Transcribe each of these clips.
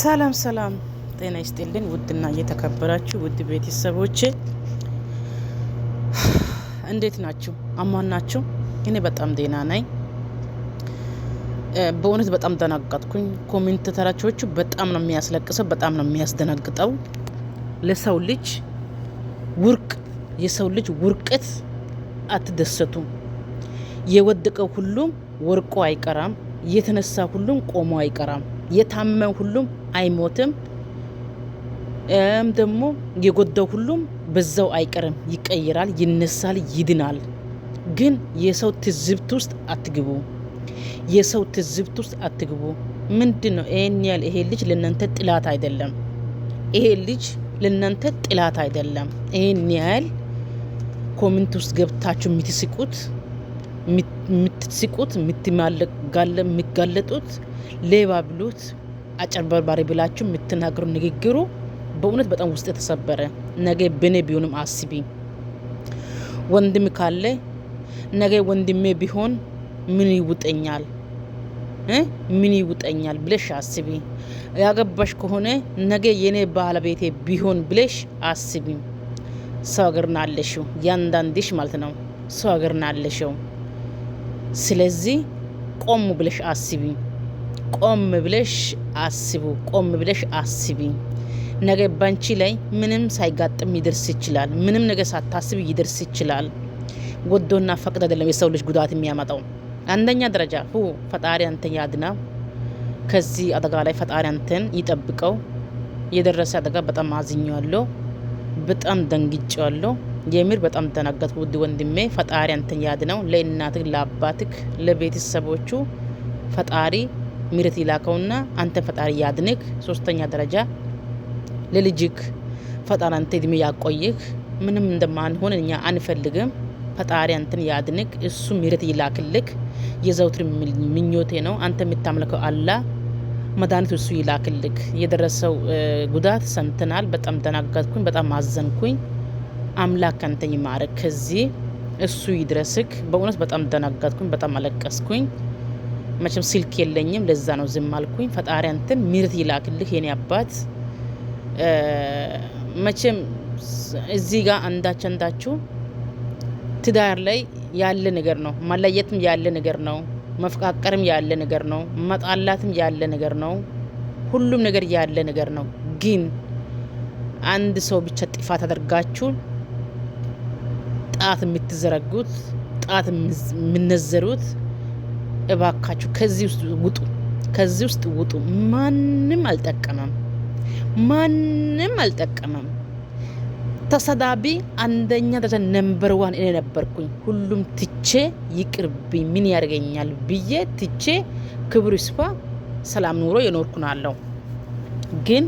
ሰላም ሰላም፣ ጤና ይስጥልን ውድና እየተከበራችሁ ውድ ቤተሰቦቼ እንዴት ናችሁ? አማን ናችሁ? እኔ በጣም ጤና ነኝ። በእውነት በጣም ደናገጥኩኝ። ኮሜንት ተራቾቹ በጣም ነው የሚያስለቅሰው፣ በጣም ነው የሚያስደነግጠው። ለሰው ልጅ ውርቅ የሰው ልጅ ውርቀት አትደሰቱ። የወደቀው ሁሉም ወርቆ አይቀራም፣ የተነሳ ሁሉም ቆሞ አይቀራም፣ የታመመ ሁሉም አይሞትም። ም ደግሞ የጎዳው ሁሉም በዛው አይቀርም፣ ይቀይራል፣ ይነሳል፣ ይድናል። ግን የሰው ትዝብት ውስጥ አትግቡ። የሰው ትዝብት ውስጥ አትግቡ። ምንድን ነው ይሄን ያህል? ይሄ ልጅ ለእናንተ ጥላት አይደለም። ይሄ ልጅ ለእናንተ ጥላት አይደለም። ይሄን ያህል ኮሚንት ውስጥ ገብታችሁ የምትስቁት የምትስቁት የምትጋለጡት ሌባ ብሉት አጨንበርባሪ ብላችሁ የምትናገሩ ንግግሩ በእውነት በጣም ውስጥ የተሰበረ ነገ ብኔ ቢሆንም አስቢ። ወንድም ካለ ነገ ወንድሜ ቢሆን ምን ይውጠኛል ምን ይውጠኛል ብለሽ አስቢ። ያገባሽ ከሆነ ነገ የኔ ባለቤቴ ቢሆን ብለሽ አስቢ። ሰው ሀገር ናለሽው ያንዳንድሽ ማለት ነው። ሰው ሀገር ናለሽው። ስለዚህ ቆም ብለሽ አስቢ። ቆም ብለሽ አስቡ፣ ቆም ብለሽ አስቢ። ነገ ባንቺ ላይ ምንም ሳይጋጥም ይደርስ ይችላል። ምንም ነገር ሳታስብ ይደርስ ይችላል። ወዶና ፈቅድ አይደለም የሰው ልጅ ጉዳት የሚያመጣው። አንደኛ ደረጃ ሁ ፈጣሪ አንተን ያድና፣ ከዚህ አደጋ ላይ ፈጣሪ አንተን ይጠብቀው። የደረሰ አደጋ በጣም አዝኛለሁ፣ በጣም ደንግጫለሁ። የምር በጣም ተናገጥኩ። ውድ ወንድሜ ፈጣሪ አንተን ያድነው። ለእናትህ ለአባትህ ለቤተሰቦቹ ፈጣሪ ምረት ይላከውና አንተ ፈጣሪ ያድንክ። ሶስተኛ ደረጃ ለልጅክ ፈጣሪ አንተ እድሜ ያቆይክ። ምንም እንደማንሆን እኛ አንፈልግም። ፈጣሪ አንተን ያድንክ፣ እሱ ምረት ይላክልክ። የዘውትር ምኞቴ ነው። አንተ የምታመልከው አላ መድኃኒት እሱ ይላክልክ። የደረሰው ጉዳት ሰምተናል። በጣም ተናገጥኩኝ፣ በጣም አዘንኩኝ። አምላክ አንተን ይማረክ፣ ከዚህ እሱ ይድረስክ። በእውነት በጣም ተናገጥኩኝ፣ በጣም አለቀስኩኝ። መቼም ስልክ የለኝም፣ ለዛ ነው ዝም አልኩኝ። ፈጣሪ አንተን ምርት ይላክልህ የኔ አባት። መቼም እዚህ ጋር አንዳች አንዳችሁ ትዳር ላይ ያለ ነገር ነው፣ መለየትም ያለ ነገር ነው፣ መፈቃቀርም ያለ ነገር ነው፣ መጣላትም ያለ ነገር ነው፣ ሁሉም ነገር ያለ ነገር ነው። ግን አንድ ሰው ብቻ ጥፋት አድርጋችሁ ጣት የምትዘረጉት ጣት የምነዘሩት እባካችሁ ከዚህ ውስጥ ውጡ፣ ከዚህ ውስጥ ውጡ። ማንም አልጠቀመም፣ ማንም አልጠቀመም። ተሰዳቢ አንደኛ ደረጃ ነምበር ዋን እኔ ነበርኩኝ። ሁሉም ትቼ ይቅርብኝ ምን ያደርገኛል ብዬ ትቼ ክብር ይስፋ ሰላም ኑሮ የኖርኩናለሁ ግን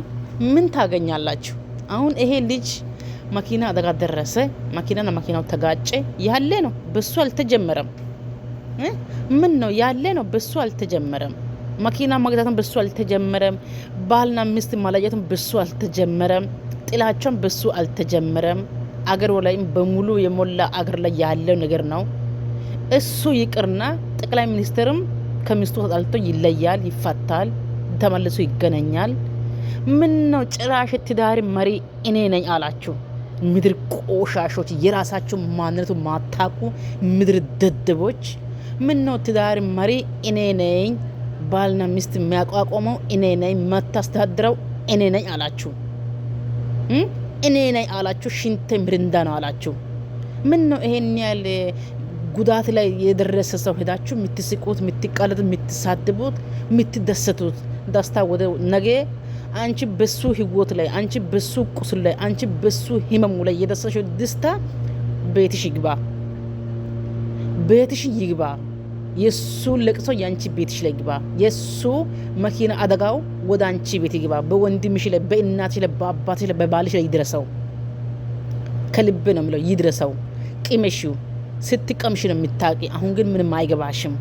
ምን ታገኛላችሁ? አሁን ይሄ ልጅ መኪና አደጋ ደረሰ፣ መኪናና መኪናው ተጋጨ ያለ ነው። በሱ አልተጀመረም። ምን ነው ያለ ነው። በሱ አልተጀመረም። መኪና መግዛትም በሱ አልተጀመረም። ባልና ሚስት ማለያየትም በሱ አልተጀመረም። ጥላቸውም በሱ አልተጀመረም። አገር ላይም በሙሉ የሞላ አገር ላይ ያለው ነገር ነው። እሱ ይቅርና ጠቅላይ ሚኒስትርም ከሚስቱ ተጣልቶ ይለያል፣ ይፋታል፣ ተመልሶ ይገናኛል። ምን ነው ጭራሽ ትዳሪ መሪ እኔ ነኝ አላችሁ። ምድር ቆሻሾች፣ የራሳችሁ ማንነቱ ማታቁ ምድር ደደቦች። ምን ነው ትዳር መሪ እኔ ነኝ፣ ባልና ሚስት የሚያቋቋመው እኔ ነኝ፣ መታስተዳድረው እኔ ነኝ አላችሁ፣ እኔ ነኝ አላችሁ፣ ሽንቴ ምርንዳ ነው አላችሁ። ምን ነው ይሄን ያህል ጉዳት ላይ የደረሰ ሰው ሄዳችሁ የምትስቁት፣ የምትቃለጡት፣ የምትሳድቡት፣ የምትደሰቱት ደስታ ወደ ነገ አንቺ በሱ ህይወት ላይ አንቺ በሱ ቁስል ላይ አንቺ በሱ ህመሙ ላይ የደሰሽው ደስታ ቤትሽ ይግባ። ቤትሽ ይግባ። የሱ ለቅሶ ያንቺ ቤትሽ ላይ ግባ። የሱ መኪና አደጋው ወደ አንቺ ቤት ይግባ። በወንድምሽ ላይ፣ በእናትሽ ላይ፣ በአባትሽ ላይ፣ በባልሽ ላይ ይድረሰው። ከልብ ነው የሚለው ይድረሰው። ቅመሽ ስትቀምሽ ነው የምታቂ። አሁን ግን ምንም አይገባሽም።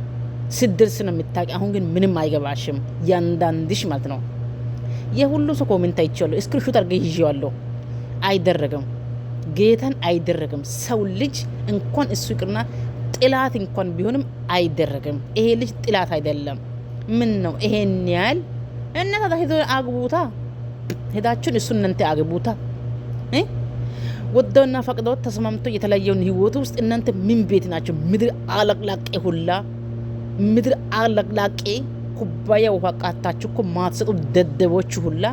ስድርስ ነው የምታቂ። አሁን ግን ምንም አይገባሽም። ያንዳንድሽ ማለት ነው። የሁሉ ሰው ኮሜንት አይቼዋለሁ። እስክሪንሾት አድርጌ ይዤዋለሁ። አይደረግም ጌታን አይደረግም። ሰው ልጅ እንኳን እሱ ይቅርና ጥላት እንኳን ቢሆንም አይደረግም። ይሄ ልጅ ጥላት አይደለም። ምን ነው ይሄን ያህል እናታ ሄዶ አግቡታ፣ ሄዳችሁን እሱ እናንተ አግቡታ። ወደውና ፈቅዶ ተስማምቶ የተለየውን ህይወት ውስጥ እናንተ ምን ቤት ናቸው? ምድር አለቅላቄ ሁላ ምድር አለቅላቄ ኩባያ ውሃ ቃታችሁ እኮ ማትሰጡ ደደቦች ሁላ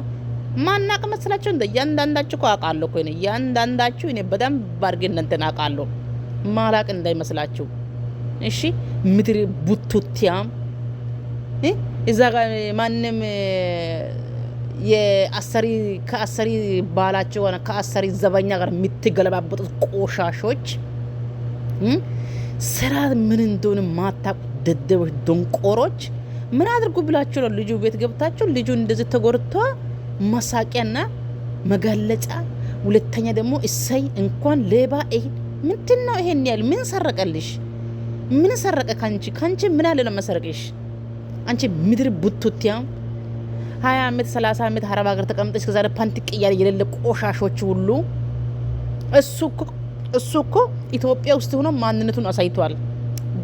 ማናቅ መስላችሁ? እንደ እያንዳንዳችሁ እኮ አውቃለሁ እኮ እኔ እያንዳንዳችሁ እኔ በደንብ አድርጌ እናንተን አውቃለሁ። ማላቅ እንዳይመስላችሁ እሺ። ምድር ቡቱቲያም እዛ ጋ ማንም የአሰሪ ከአሰሪ ባላቸው ከአሰሪ ዘበኛ ጋር የምትገለባበጡት ቆሻሾች ስራ ምን እንደሆነ ማታቁ ደደቦች፣ ደንቆሮች ምን አድርጉ ብላችሁ ነው ልጁ ቤት ገብታችሁ ልጁ እንደዚህ ተጎድቶ መሳቂያና መጋለጫ። ሁለተኛ ደግሞ እሰይ እንኳን ሌባ ይሄድ ምንድን ነው ይሄን ያህል ምን ሰረቀልሽ? ምን ሰረቀ ካንቺ? ካንቺ ምን አለ ነው መሰረቅሽ? አንቺ ምድር ቡቱቲያ ሀያ አመት ሰላሳ አመት አረብ ሀገር ተቀምጠሽ ከዛ ፓንቲ ቅያል የሌለ ቆሻሾች ሁሉ እሱ እኮ እሱ እኮ ኢትዮጵያ ውስጥ ሆኖ ማንነቱን አሳይቷል።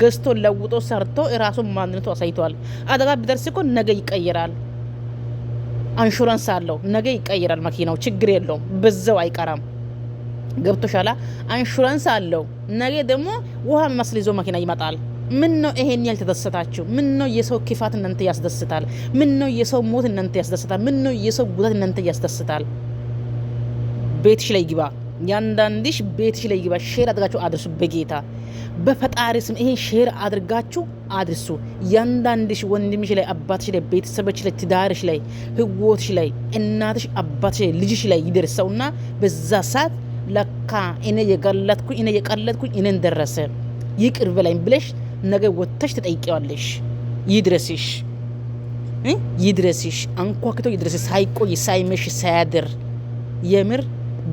ገዝቶ ለውጦ ሰርቶ የራሱን ማንነቱ አሳይቷል። አደጋ ቢደርስ እኮ ነገ ይቀይራል። አንሹራንስ አለው ነገ ይቀይራል። መኪናው ችግር የለውም፣ በዛው አይቀራም። ገብቶሻላ? አንሹራንስ አለው። ነገ ደግሞ ውሃ መስል ይዞ መኪና ይመጣል። ምን ነው ይሄን ያልተደሰታችሁ? ምን ነው የሰው ክፋት እናንተ ያስደስታል? ምን ነው የሰው ሞት እናንተ ያስደስታል? ምን ነው የሰው ጉዳት እናንተ ያስደስታል? ቤትሽ ላይ ግባ፣ ያንዳንድሽ ቤትሽ ላይ ግባ። ሼር አድርጋችሁ አድርሱ። በጌታ በፈጣሪ ስም ይሄን ሼር አድርጋችሁ አድርሱ። ያንዳንድሽ ወንድምሽ ላይ፣ አባትሽ ላይ፣ ቤተሰቦች ላይ፣ ትዳርሽ ላይ፣ ህይወትሽ ላይ፣ እናትሽ፣ አባትሽ ላይ፣ ልጅሽ ላይ ይደርሰውና በዛ ሰዓት ለካ እኔ የጋለጥኩኝ እኔ የቀለጥኩኝ እኔን ደረሰ ይቅር በላይ ብለሽ ነገ ወጥተሽ ተጠይቀዋለሽ። ይድረስሽ ይድረስሽ አንኳክቶ ይድረስ ሳይቆይ ሳይመሽ ሳያድር። የምር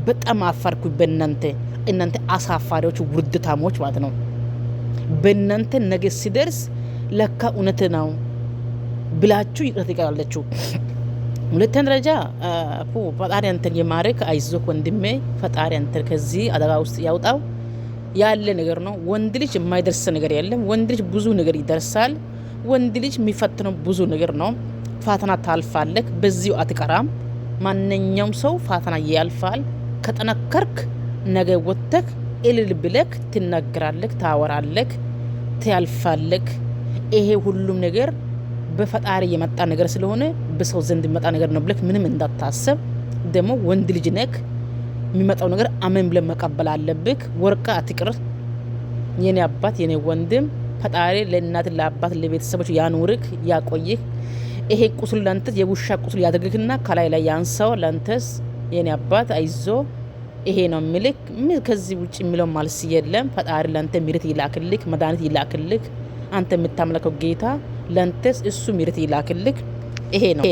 በጣም አፈርኩ በእናንተ እናንተ አሳፋሪዎች ውርድታሞች ማለት ነው። በእናንተ ነገ ሲደርስ ለካ እውነት ነው ብላችሁ ይቅር ይቀራለችሁ። ሁለተኛ ደረጃ ፈጣሪ አንተን የማረክ አይዞክ ወንድሜ፣ ፈጣሪ አንተን ከዚህ አደጋ ውስጥ ያውጣው ያለ ነገር ነው። ወንድ ልጅ የማይደርስ ነገር የለም። ወንድ ልጅ ብዙ ነገር ይደርሳል። ወንድ ልጅ የሚፈትነው ብዙ ነገር ነው። ፋተና ታልፋለክ፣ በዚሁ አትቀራም። ማንኛውም ሰው ፋተና ያልፋል። ከጠነከርክ ነገ ወተክ እልል ብለክ ትናገራለክ ታወራለክ ትያልፋለህ። ይሄ ሁሉም ነገር በፈጣሪ የመጣ ነገር ስለሆነ በሰው ዘንድ የሚመጣ ነገር ነው ብለክ ምንም እንዳታሰብ። ደግሞ ወንድ ልጅ ነክ የሚመጣው ነገር አመን ብለን መቀበል አለብክ ወርቅ አትቅር። የኔ አባት የኔ ወንድም ፈጣሪ ለእናት ለአባት ለቤተሰቦች ያኑርክ ያቆይህ። ይሄ ቁስል ለአንተ የውሻ ቁስል ያድርግህና ከላይ ላይ ያንሰው ለንተስ። የኔ አባት አይዞ ይሄ ነው ምልክ። ከዚህ ውጭ የሚለው ማልስ የለም። ፈጣሪ ለንተ ምሕረት ይላክልክ፣ መድኃኒት ይላክልክ። አንተ የምታመለከው ጌታ ለንተስ እሱ ሚርት ይላክልክ። ይሄ ነው።